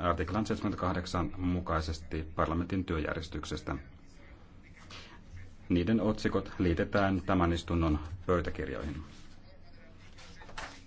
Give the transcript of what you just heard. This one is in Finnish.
artiklan 78 mukaisesti parlamentin työjärjestyksestä. Niiden otsikot liitetään tämän istunnon pöytäkirjoihin.